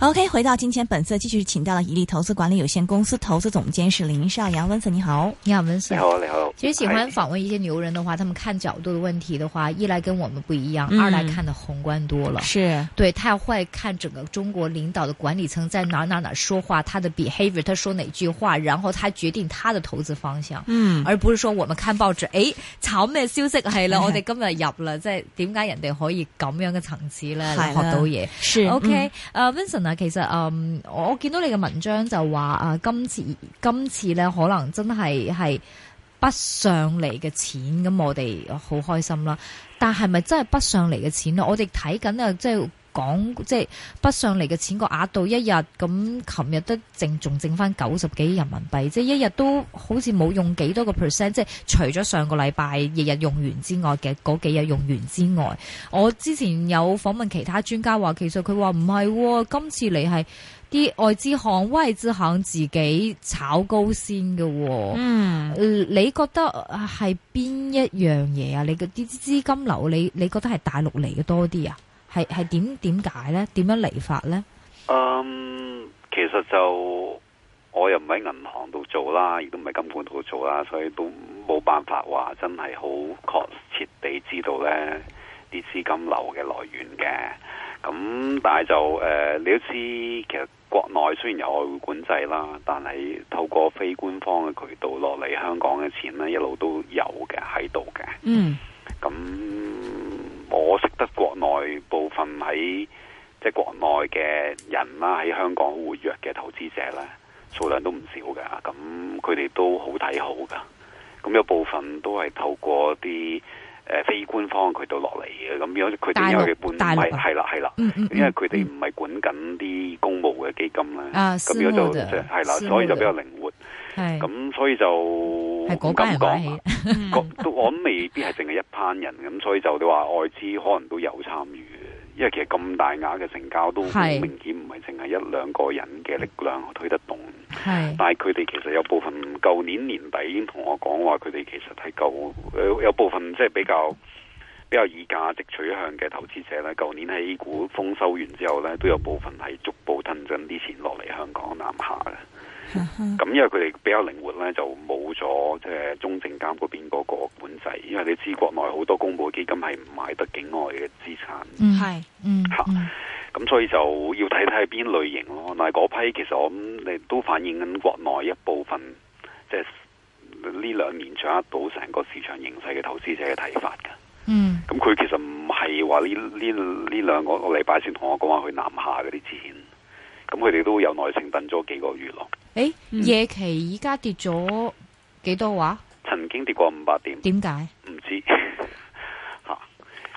OK，回到金錢本色，繼續請到了一利投資管理有限公司投資總監是林少陽。温森，你好，你好文森，你好你好温森你好你好其實喜歡訪問一些牛人的話，他們看角度的問題的話，哎、一來跟我們不一樣，嗯、二來看的宏觀多了，是，對他要會看整個中國領導的管理層在哪哪哪說話，他的 behavior，他說哪句話，然後他決定他的投資方向，嗯，而不是說我們看報紙，哎，炒咩消息係了、嗯、我哋今日入啦即係點解人哋可以咁樣嘅層次咧，學到嘢？是 OK，呃温森嗱，其實、嗯、我見到你嘅文章，就話啊，今次今次咧可能真係係北上嚟嘅錢咁，我哋好開心啦。但係咪真係北上嚟嘅錢咧？我哋睇緊啊，即係。講，即係北上嚟嘅錢個額度一日咁，琴日都淨仲剩翻九十幾人民幣，即係一日都好似冇用幾多個 percent，即係除咗上個禮拜日日用完之外嘅嗰幾日用完之外，我之前有訪問其他專家話，其實佢話唔係，今次嚟係啲外資行、威之行自己炒高先嘅，哦。嗯、呃，你覺得係邊一樣嘢啊？你覺得啲資金流，你你覺得係大陸嚟嘅多啲啊？係係點點解咧？點樣嚟法咧？嗯，um, 其實就我又唔喺銀行度做啦，亦都唔係金管度做啦，所以都冇辦法話真係好確切地知道咧啲資金流嘅來源嘅。咁但係就誒、呃，你都知其實國內雖然有外匯管制啦，但係透過非官方嘅渠道落嚟香港嘅錢咧，一路都有嘅喺度嘅。Mm. 嗯，咁。我識得國內部分喺即係國內嘅人啦，喺香港活躍嘅投資者咧，數量都唔少噶。咁佢哋都很看好睇好噶。咁有部分都係透過啲誒、呃、非官方嘅渠道落嚟嘅。咁樣佢哋又換唔係係啦係啦，因為佢哋唔係管緊啲公募嘅基金咧。咁樣就係啦，所以就比較靈活。咁是所以就唔敢講，咁 都我未必係淨係一班人咁，所以就你話外資可能都有參與，因為其實咁大額嘅成交都明顯唔係淨係一兩個人嘅力量推得動。是但係佢哋其實有部分舊年年底已經同我講話，佢哋其實係舊有部分即係比較比較以價值取向嘅投資者呢舊年喺股豐收完之後呢，都有部分係逐步吞進啲錢落嚟香港南下嘅。咁 因為佢哋比較靈活咧，就冇咗即係中證監嗰邊嗰個管制。因為你知國內好多公募基金係唔買得境外嘅資產。係，嗯，吓，咁所以就要睇睇邊類型咯。但係嗰批其實我諗你都反映緊國內一部分，即係呢兩年掌握到成個市場形勢嘅投資者嘅睇法㗎。嗯，咁佢其實唔係話呢呢呢兩個個禮拜先同我講話去南下嗰啲錢，咁佢哋都有耐性等咗幾個月咯。誒、欸，夜期而家跌咗幾多話、啊嗯？曾經跌過五百點。點解？唔知吓。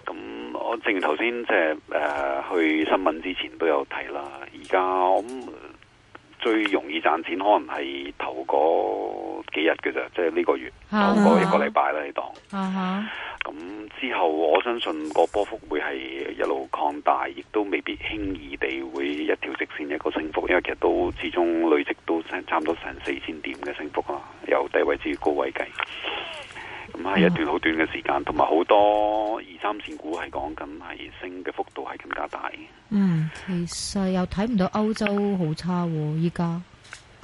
咁、 啊、我正如頭先即係誒去新聞之前都有睇啦。而家我最容易賺錢可能係頭嗰幾日嘅啫，即係呢個月頭嗰 一個禮拜啦。你當咁 之後，我相信個波幅會係一路擴大，亦都未必輕易地會一條直線一個升幅，因為其實都始終累。差唔多成四千點嘅升幅啊，由低位至高位計，咁係一段好短嘅時間，同埋好多二三線股係講緊係升嘅幅度係更加大。嗯，其實又睇唔到歐洲好差，依家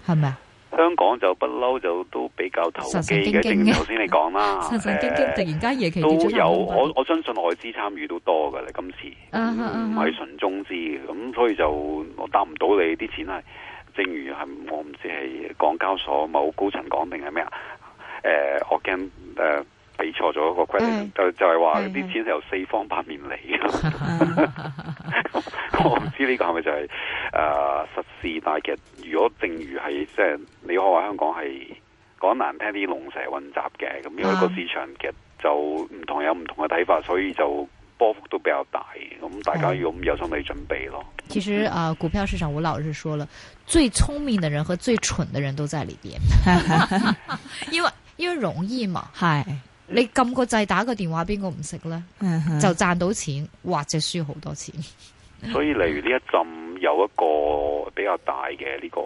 係咪啊？香港就不嬲就都比較投機嘅，一定。頭先你講啦，神神經經，突然間嘢都有，我我相信外資參與都多㗎喇，今次唔係純中資，咁所以就我答唔到你啲錢係。正如係我唔知係港交所某高層講定係咩啊？誒、呃，我驚誒俾錯咗一個規定，嗯，就就係話啲錢係由四方八面嚟，嗯。 我唔知呢個係咪就係、是、誒、呃、實事。但係其實如果正如係即係你可話香港係講難聽啲龍蛇混雜嘅，咁因為個市場其實就唔同有唔同嘅睇法，所以就。波幅都比較大，咁大家要有心理準備咯。其實啊、呃，股票市場我老實說了，最聰明的人和最蠢的人都在裏邊， 因為因為容易嘛。係 你撳個掣，打個電話，邊個唔識呢？ 就賺到錢或者輸好多錢。所以例如呢一陣有一個比較大嘅呢個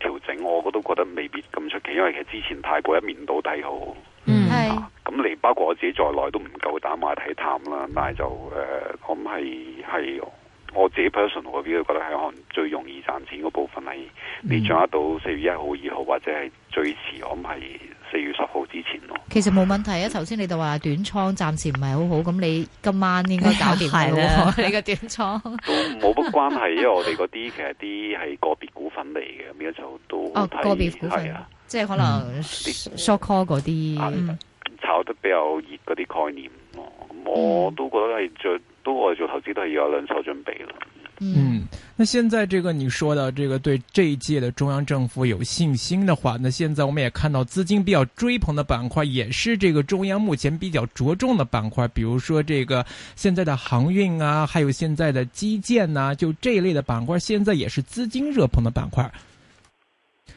調整，我我都覺得未必咁出奇，因為其實之前太過一面倒睇好。嗯，係咁、啊是嗯、你包括我自己在內都唔夠膽話睇淡啦。但係就誒，我唔係係我自己 personal view 我比較覺得係可能最容易賺錢嗰部分，係你掌握到四月一號、二號或者係最遲，我唔係四月十號之前咯。其實冇問題啊，頭先、嗯、你就話短倉暫時唔係好好，咁你今晚應該搞掂喎，哎啊啊、你個短倉。 都冇乜關係，因為我哋嗰啲其實啲係個別股份嚟嘅，咁樣就都哦、啊、個別股份啊。即係可能 short call 嗰啲炒得比較熱嗰啲概念，嗯、我都覺得係最多。我做投資都要有兩手準備啦。嗯，那現在這個你說的這個對這一屆的中央政府有信心的話，那現在我們也看到資金比較追捧的板塊，也是這個中央目前比較着重的板塊，比如說這個現在的航運啊，還有現在的基建啊，就這一類的板塊，現在也是資金熱捧的板塊。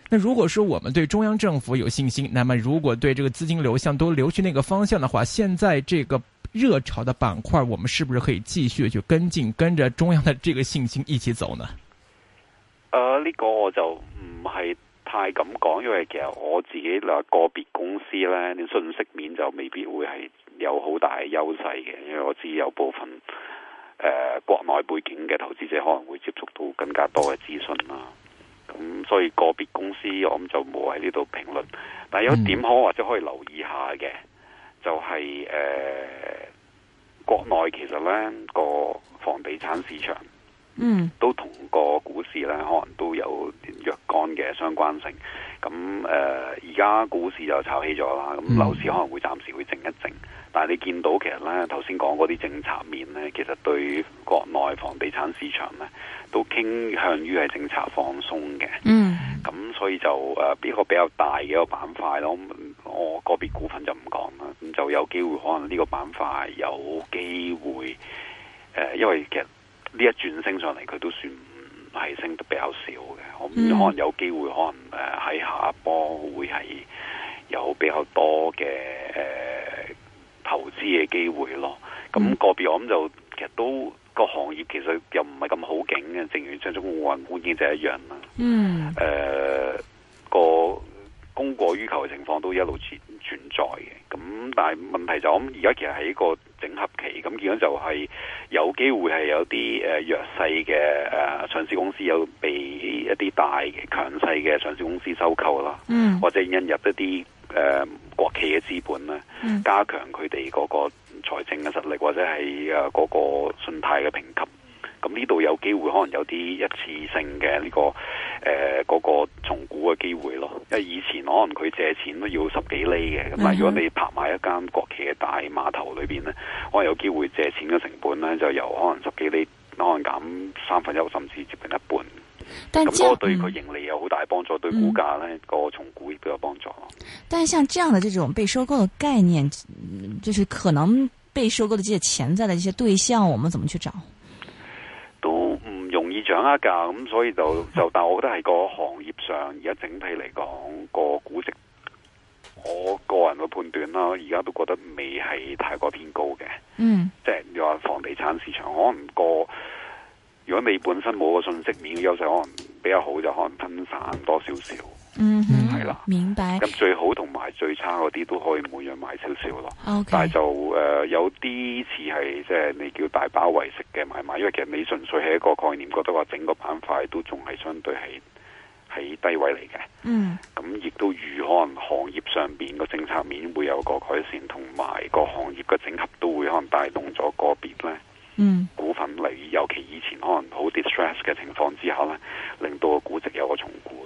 那如果說我們對中央政府有信心，那麼如果對這個資金流向都流去那個方向的話，現在這個熱潮的板塊，我們是不是可以繼續去跟進，跟着中央的這個信心一起走呢？啊、呃，呢個我就唔係太敢講，因為其實我自己啦，個別公司咧，啲信息面就未必會係有好大嘅優勢嘅，因為我知有部分誒、呃、國內背景嘅投資者可能會接觸到更加多嘅資訊啦。咁、嗯、所以個別公司我就冇喺呢度評論，但係有一點可、嗯、或者可以留意一下嘅，就係、是、誒、呃、國內其實呢個房地產市場。嗯，都同個股市咧，可能都有若干嘅相關性。咁誒，而家股市就炒起咗啦，咁樓市可能會暫時會靜一靜。但係你見到其實咧，頭先講嗰啲政策面咧，其實對國內房地產市場咧，都傾向於係政策放鬆嘅。嗯，咁所以就誒呢個比較大嘅一個板塊咯。我個別股份就唔講啦，咁就有機會可能呢個板塊有機會誒、呃，因為其實。呢一轉升上嚟，佢都算係升得比較少嘅。我、嗯、可能有機會，可能誒喺下一波會係有比較多嘅誒、呃、投資嘅機會咯。咁、嗯、個別我諗就其實都個行業其實又唔係咁好景嘅，正如上週互銀股經濟一樣啦、啊。嗯，誒、呃、個供過於求嘅情況都一路存存在嘅。咁但係問題就我哋而家其實係一個。整合期，咁變咗就係有機會係有啲誒弱勢嘅誒上市公司有被一啲大強勢嘅上市公司收購咯，嗯、或者引入一啲誒國企嘅資本咧，嗯、加強佢哋嗰個財政嘅實力，或者係誒嗰個信貸嘅評級。咁呢度有機會，可能有啲一,一次性嘅呢、這個嗰、呃這個重估嘅機會咯。因以前可能佢借錢都要十幾厘嘅，咁但如果你拍埋一間國企嘅大碼頭裏面，咧，可能有機會借錢嘅成本咧就由可能十幾厘可能減三分一，甚至接近一半。咁都對佢盈利有好大幫助，嗯、對股價咧、這個重估亦都有幫助。嗯、但係像這樣的這種被收購嘅概念，就是可能被收購的，的這些潛在的一些對象，我們怎麼去找？掌握噶，咁、嗯、所以就就，但係我覺得係個行業上而家整體嚟講，個估值，我個人嘅判斷啦，而家都覺得未係太過偏高嘅。嗯，即係你話房地產市場，可能個如果你本身冇個信息面嘅優勢，可能比較好，就可能分散多少少。嗯，係啦了，明白。咁最好同埋最差嗰啲都可以每樣買少少咯。Okay. 但係就誒、呃，有啲似係即係你叫大把為食嘅買賣，因為其實你純粹係一個概念，覺得話整個板塊都仲係相對係係低位嚟嘅。嗯，咁亦都預可能行業上邊個政策面會有個改善，同埋個行業嘅整合都會可能帶動咗個別咧。嗯，股份嚟，尤其以前可能好 distress 嘅情況之下咧，令到個估值有個重估。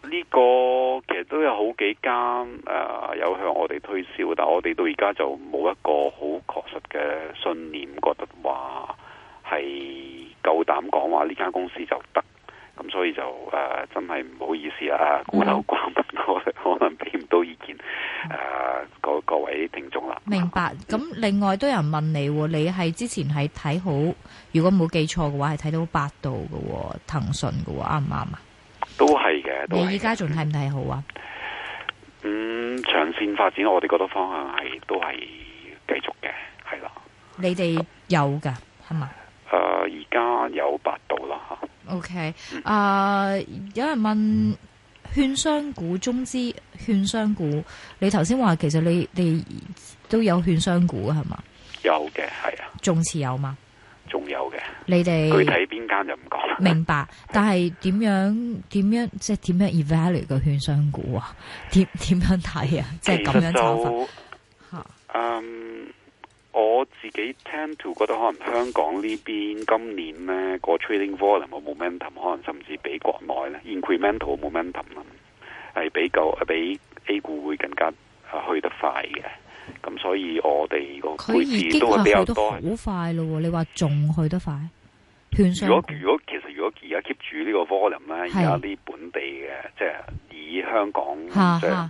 呢個其實都有好幾間誒有向我哋推銷，但係我哋到而家就冇一個好確實嘅信念，覺得是話係夠膽講話呢間公司就得，咁所以就誒、呃、真係唔好意思啦，孤陋寡聞，嗯、 我可能俾唔到意見誒，各、呃、各位聽眾啦。明白。咁另外都有人問你，你係之前係睇好，如果冇記錯嘅話係睇到百度嘅，騰訊嘅，啱唔啱啊？都係嘅，是的你而家仲睇唔睇好啊？咁、嗯、長線發展，我哋覺得方向係都係繼續嘅，係啦。你哋有噶係嘛？誒、啊，而家嗎、呃、有八度啦吓。OK，誒、嗯呃，有人問券、嗯、商股、中資券商股，你頭先話其實你哋都有券商股係嘛？是有嘅，係啊。仲持有嘛？仲有嘅，你哋們 具體邊間就唔講啦。明白，但係點樣點是樣即係點樣 evaluate 個券商股啊？點點樣睇啊？即係咁樣揸法。嗯，我自己 tend to 覺得可能香港呢邊今年咧個 trading volume momentum 可能甚至比國內咧 incremental momentum 係比較係比 A 股會更加，啊、去得快嘅。咁、嗯、所以，我哋個配置都比較多，好快咯。你話仲去得快？券商如果如果其實如果而家 keep 住呢個 volume 咧，而家啲本地嘅即係以香港即係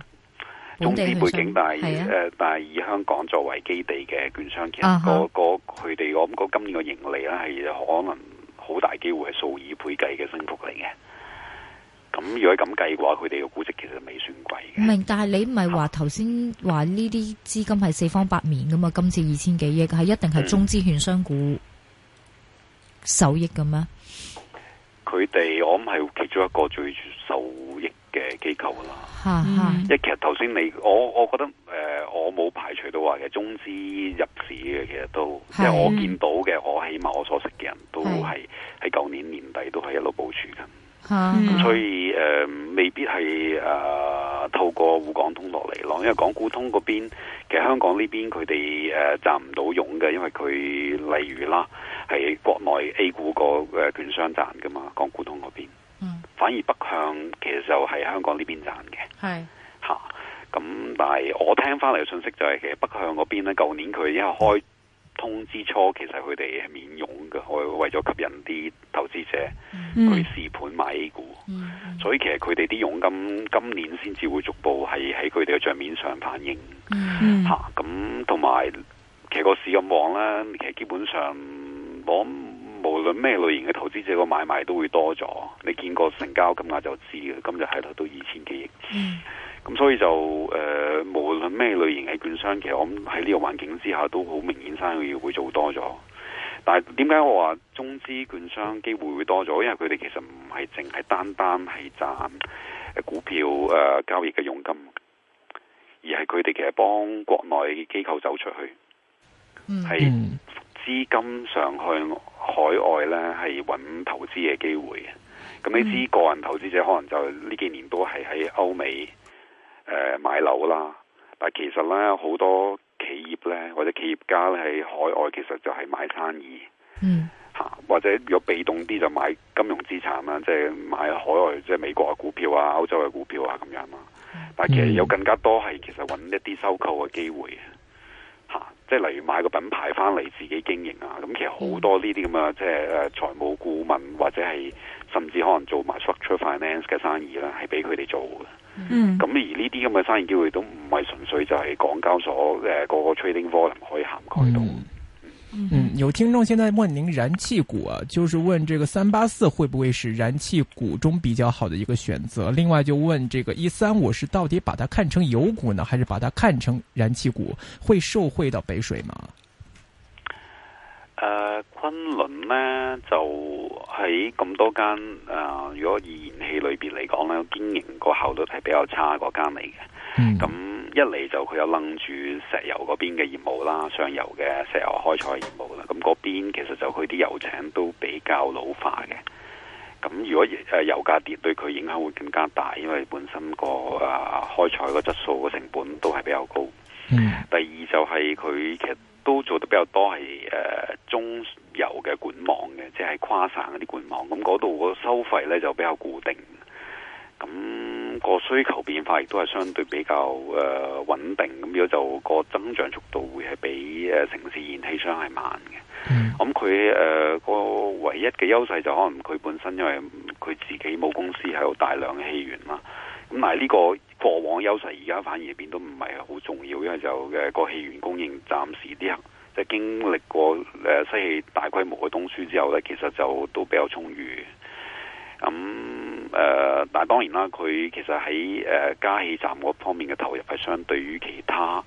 中資背景，但係誒、呃、但係以香港作為基地嘅券商，其實、嗰個佢哋我諗嗰今年嘅盈利咧係可能好大機會係數以倍計嘅升幅嚟嘅。咁如果咁計嘅話，佢哋嘅估值其實未算貴嘅。唔明，但係你唔係話頭先話呢啲資金係四方八面㗎嘛？今次二千幾億係一定係中資券商股受益嘅咩？佢哋、嗯、我諗係其中一個最受益嘅機構啦。嚇嚇、嗯！其實頭先你我，我覺得、呃、我冇排除到話嘅中資入市嘅，其實都是因為我見到嘅，我起碼我所識嘅人都係喺舊年年底都係一路部署緊。咁、 嗯、所以誒、呃，未必係誒、呃、透過滬港通落嚟咯，因為港股通嗰邊其實香港呢邊佢哋誒賺唔到傭嘅，因為佢例如啦係國內 A 股個的券商賺㗎嘛，港股通嗰邊，嗯，反而北向其實就係香港呢邊賺嘅，係嚇是、啊。咁但係我聽返嚟嘅信息就係、是、其實北向嗰邊咧，舊年佢一為開。通知初其實佢哋係免佣嘅，我為咗吸引啲投資者去試盤買股，嗯、所以其實佢哋啲佣金今年先至會逐步係喺佢哋嘅帳面上反映吓。咁同埋其實個市咁旺啦，其實基本上我無論咩類型嘅投資者個買賣都會多咗，你見過成交金額就知嘅，今日係度到二千幾億。嗯咁所以就誒、呃，無論咩類型嘅券商，其實我諗喺呢個環境之下都好明顯生意會做多咗。但係點解我話中資券商機會會多咗？因為佢哋其實唔係淨係單單係賺股票誒、呃、交易嘅佣金，而係佢哋其實幫國內機構走出去，係資、嗯、金上去海外呢係揾投資嘅機會。咁你知個人投資者可能就呢幾年都係喺歐美。誒、呃，買樓啦！但係其實咧，好多企業咧或者企業家咧喺海外，其實就係買生意。嗯。吓，或者如果被動啲就買金融資產啦，即、就、係、是、買海外，即、就、係、是、美國嘅股票啊、歐洲嘅股票啊咁樣啊。但係其實有更加多係，其實揾一啲收購嘅機會。吓、啊，即係例如買個品牌翻嚟自己經營啊，咁其實好多呢啲咁樣，嗯、即係誒財務顧問或者係。甚至可能做埋 structure finance 嘅生意啦，係俾佢哋做嘅。嗯，咁而呢啲咁嘅生意機會都唔係純粹就係港交所嗰、呃、個 trading volume 可以涵蓋到。嗯，嗯，嗯，嗯，有聽眾現在問您燃氣股啊，就是問這個三八四會不會是燃氣股中比較好的一個選擇？另外就問這個一三五是到底把它看成油股呢，還是把它看成燃氣股？會受惠到北水嗎？呃，昆侖呢。就喺咁多間誒、呃，如果燃氣類別嚟講咧，經營個效率係比較差嗰間嚟嘅。咁、嗯、一嚟就佢有楞住石油嗰邊嘅業務啦，上游嘅石油開採業務啦。咁嗰邊其實就佢啲油井都比較老化嘅。咁如果誒油價跌，對佢影響會更加大，因為本身個誒、啊、開採個質素個成本都係比較高。嗯、第二就係佢其實都做得比較多係誒、呃、中油嘅管網嘅，即係跨省嗰啲管網。咁嗰度個收費呢就比較固定，咁個需求變化亦都係相對比較誒穩、呃、定。咁有就嗰個增長速度會係比誒、呃、城市燃氣商係慢嘅。咁佢誒個唯一嘅優勢就可能佢本身因為佢自己母公司係有大量嘅氣源啦。咁但係呢、呢個。過往優勢而家反而變到唔係好重要，因為就嘅、是那個氣源供應暫時啲，即、就、係、是、經歷過誒、呃、西氣大規模嘅東輸之後呢，其實就都比較充裕。咁、嗯、誒、呃，但係當然啦，佢其實喺誒、呃、加氣站嗰方面嘅投入係相對於其他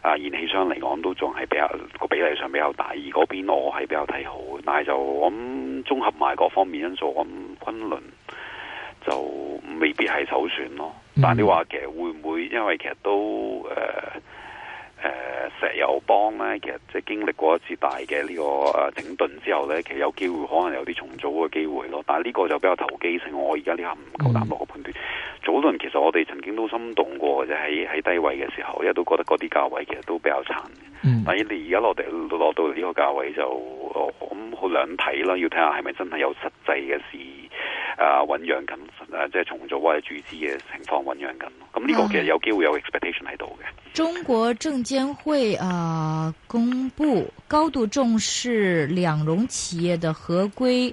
啊燃氣商嚟講都仲係比較個比例上比較大，而嗰邊我係比較睇好，但係就咁綜合埋各方面因素，咁崑崙就未必係首選咯。嗯、但你話其實會唔會因為其實都誒誒、呃呃、石油幫咧，其實即係經歷過一次大嘅呢個誒整頓之後咧，其實有機會可能有啲重組嘅機會咯。但係呢個就比較投機性，我而家呢下唔夠膽落個判斷。嗯、早輪其實我哋曾經都心動過，或者喺喺低位嘅時候，因為都覺得嗰啲價位其實都比較殘。嗯、但你而家落地落到呢個價位就咁好兩睇啦，要睇下係咪真係有實際嘅事。啊，醞釀緊，啊，即、呃、係重組或者注資嘅情況醞釀緊。咁呢個其實有機會有 expectation 喺度嘅、啊。中國證監會啊、呃，公布高度重視兩融企業的合規。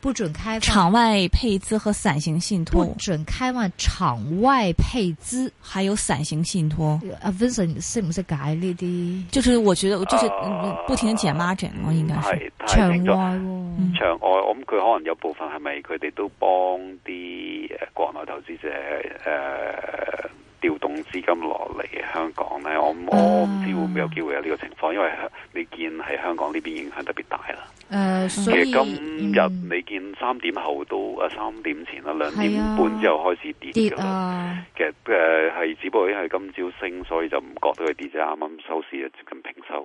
不准開放，不准開放場外配資和傘形信託，不准開放場外配資，還有傘形信託。阿 Vincent 識唔識解呢啲？就是我覺得，就是不停解 margin，、啊、我應該場外、哦。場外，我諗佢可能有部分係咪佢哋都幫啲誒國內投資者誒、呃、調動資金落嚟香港咧？我、啊、我唔知會唔會有機會有呢個情況，因為你見喺香港呢邊影響特別大啦。誒，呃嗯、今日你見三點後到誒三點前啦，兩點半之後開始跌噶啦。啊啊、其實誒係、呃、只不過係今朝升，所以就唔覺得佢跌啫，啱啱收市啊，接近平收。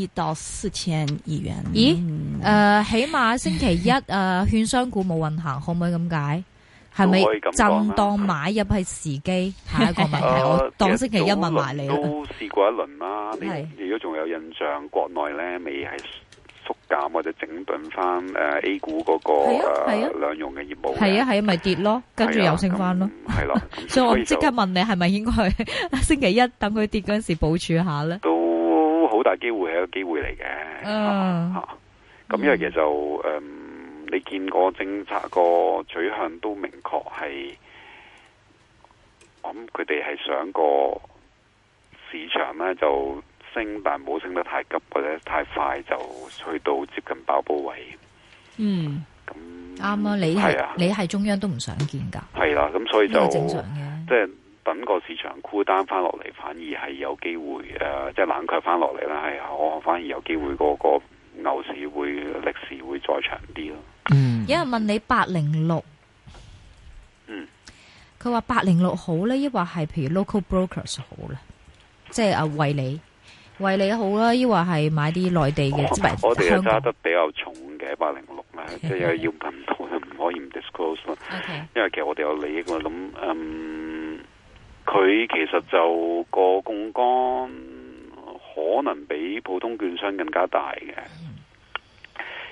跌到四千億元？咦？誒、呃，起碼星期一誒，券、呃、商股冇運行， 可唔可以咁解？係咪？震盪買入係時機係，一個問題。 呃、我當星期一問埋、啊、你。都試過一輪啦。你如果仲有，是有印象，國內咧未係縮減或者整頓翻誒 A 股嗰、那個啊，兩、啊啊、融嘅業務。係啊係啊，咪、啊啊就是、跌咯，跟住又升翻咯。係咯、啊嗯啊嗯。所以， 所以我即刻問你，係咪應該星期一等佢跌嗰陣時部署下咧？好大機會係個機會嚟嘅，吓咁因為嘅就誒、嗯嗯，你見過政策個取向都明確，係咁佢哋係想個市場咧就升，但唔好升得太急或者太快就去到接近爆煲位。嗯，咁啱啊！你係你係中央都唔想見噶，係啦、啊，咁所以就正常嘅，即係。等個市場 cool down 翻落嚟，反而係有機會誒，即、呃、係、就是、冷卻翻落嚟啦。係、哎、我反而有機會個個牛市會歷時會再長啲咯。有人、嗯、問你八零六，嗯，佢話八零六好咧，抑或係譬如 local brokers 好咧，即係啊為你為你好啦，抑或係買啲內地嘅，即係我哋揸是港得比較重嘅八零六啦，即係要品多，就唔可以唔 disclose 咯。Okay. 因為其實我哋有利益啊，咁嗯。佢其實就個槓桿可能比普通券商更加大嘅，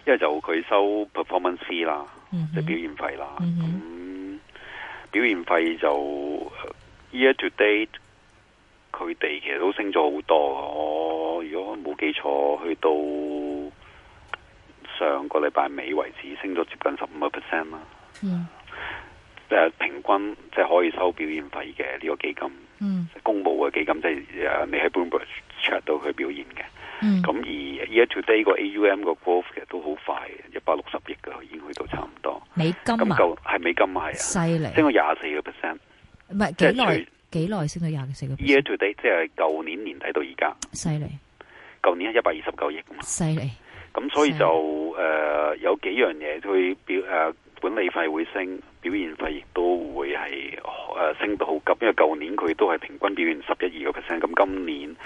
因為就佢收 performance fee 啦，即、嗯、哼表現費啦。咁、嗯、哼表現費就 year to date 佢哋，其實都升咗好多。我、哦、如果冇記錯，去到上個禮拜尾為止，升咗接近十五個 percent 啦。即係平均，即、就、係、是、可以收表演費嘅呢個基金，嗯、公募嘅基金即係誒，你喺 Bloomberg chart 度佢表演嘅。咁、嗯、而 Year to date 個 AUM 個 growth 其實都好快，一百六十億噶，已經去到差唔多。美金咁舊係美金買啊，犀利害升到廿四個 percent，唔係幾耐？幾耐升到廿四個 percent？Year to date 即係舊年年底到而家，犀利害。舊年係一百二十九億嘛，犀利害。咁所以就誒害、呃、有幾樣嘢去表誒。呃管理費會升，表現費亦都會係誒、啊、升到好急，因為舊年佢都係平均表現十一二個 percent，咁今年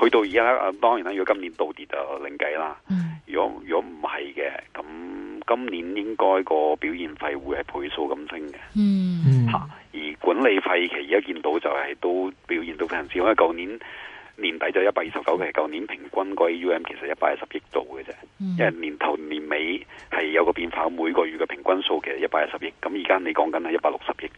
去到而家，誒、啊、當然啦，如果今年倒跌就另計啦。如果如果唔係嘅，咁今年應該個表現費會係倍數咁升嘅。嗯，吓、啊、而管理費其實而家見到就係都表現都非常少，因為舊年年底就一百二十九嘅，舊年平均個 AUM 其實一百一十億度嘅啫。嗯、因為年頭年尾係有個變化，每個月嘅平均數其實一百一十億，咁而家你講緊係一百六十億，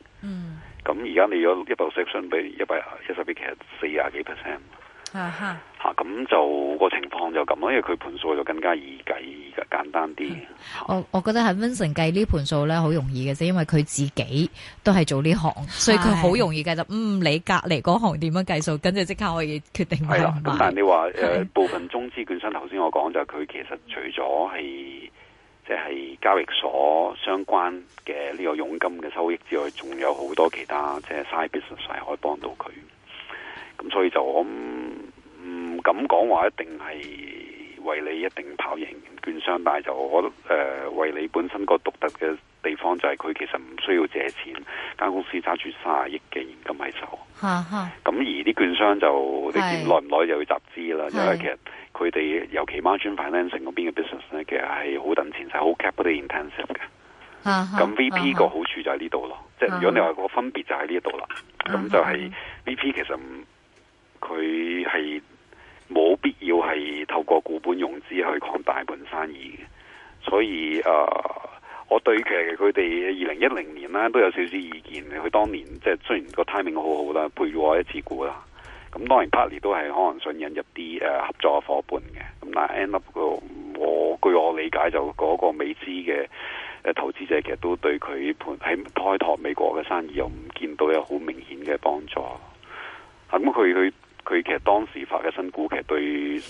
咁而家你有一百六十億相比一百一十億，億其實四廿幾 percent。啊哈！吓咁、啊、就個情況就咁咯，因為佢盤數就更加易計嘅簡單啲。嗯啊、我我覺得喺 Vincent 計呢盤數咧好容易嘅啫，因為佢自己都係做呢行，所以佢好容易計就的嗯，你隔籬嗰行點樣計數，跟住即刻可以決定係啦。咁但係你話誒的、呃，部分中資券商頭先我講就係佢其實除咗係即係交易所相關嘅呢個佣金嘅收益之外，仲有好多其他即係、就是、side business 可以幫到佢。咁所以就我。嗯咁講話一定係為你一定跑贏券商，但係就我覺得誒、呃、為你本身個獨特嘅地方就係佢其實唔需要借錢，間公司揸住卅億嘅現金喺手。咁、啊、哈而啲券商就是你見耐唔耐又要集資啦，因為是其實佢哋尤其孖展 financing 嗰邊嘅 business 咧，其實係好等錢，係好 capital intensive 嘅。咁 VP 個好處就喺呢度咯，即係如果你話個分別就喺呢度啦。咁、啊、哈就係 VP 其實佢係。他是係透過股本融資去擴大盤生意嘅，所以誒、呃，我對其實佢哋二零一零年咧都有少少意見。佢當年即係雖然個 timing 好好啦，配咗我一次股啦，咁當然 partly 都係可能想引入啲誒合作伙伴嘅。咁但係 end up 個我據我理解就嗰、那個美資嘅誒投資者其實都對佢盤喺開拓美國嘅生意又唔見到有好明顯嘅幫助。咁佢佢。佢其實當時發嘅新股，其實對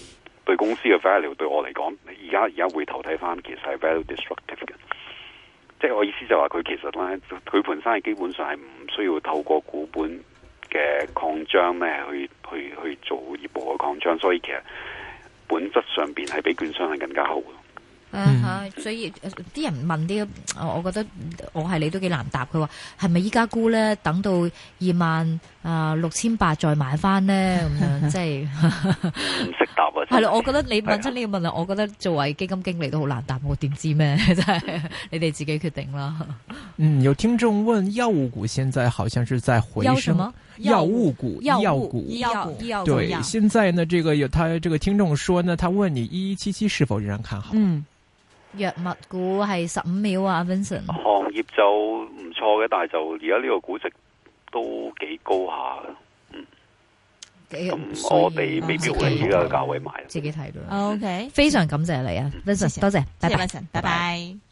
對公司嘅 value 對我嚟講，而家而家回頭睇翻，其實係 value destructive 嘅。即係我意思就話，佢其實咧，佢本身係基本上係唔需要透過股本嘅擴張咧，去去去做業務嘅擴張。所以其實本質上邊係比券商係更加好。嗯吓，所以啲人問啲，我我覺得我係你都幾難答佢話，係咪依家沽咧？等到二萬啊六千八再買翻呢？咁樣即係唔識答啊！係咯，我覺得你問出呢個問題，我覺得作為基金經理都好難答，我點知咩真係？你哋自己決定啦。嗯，有聽眾問，藥物股現在好像是在回升。藥物股，藥物股，藥物股，對，現在呢，這個有他這個聽眾說呢，他問你一一七七是否仍然看好？嗯。藥物股係十五秒啊，Vincent。行業就唔錯嘅，但係就而家呢個估值都幾高下嘅，嗯。咁我哋未必會以呢個價位買。自己睇到，啊。OK，非常感謝你啊，Vincent，多、嗯、謝，謝，多 Vincent, 謝 Vincent，拜拜。Bye bye bye bye。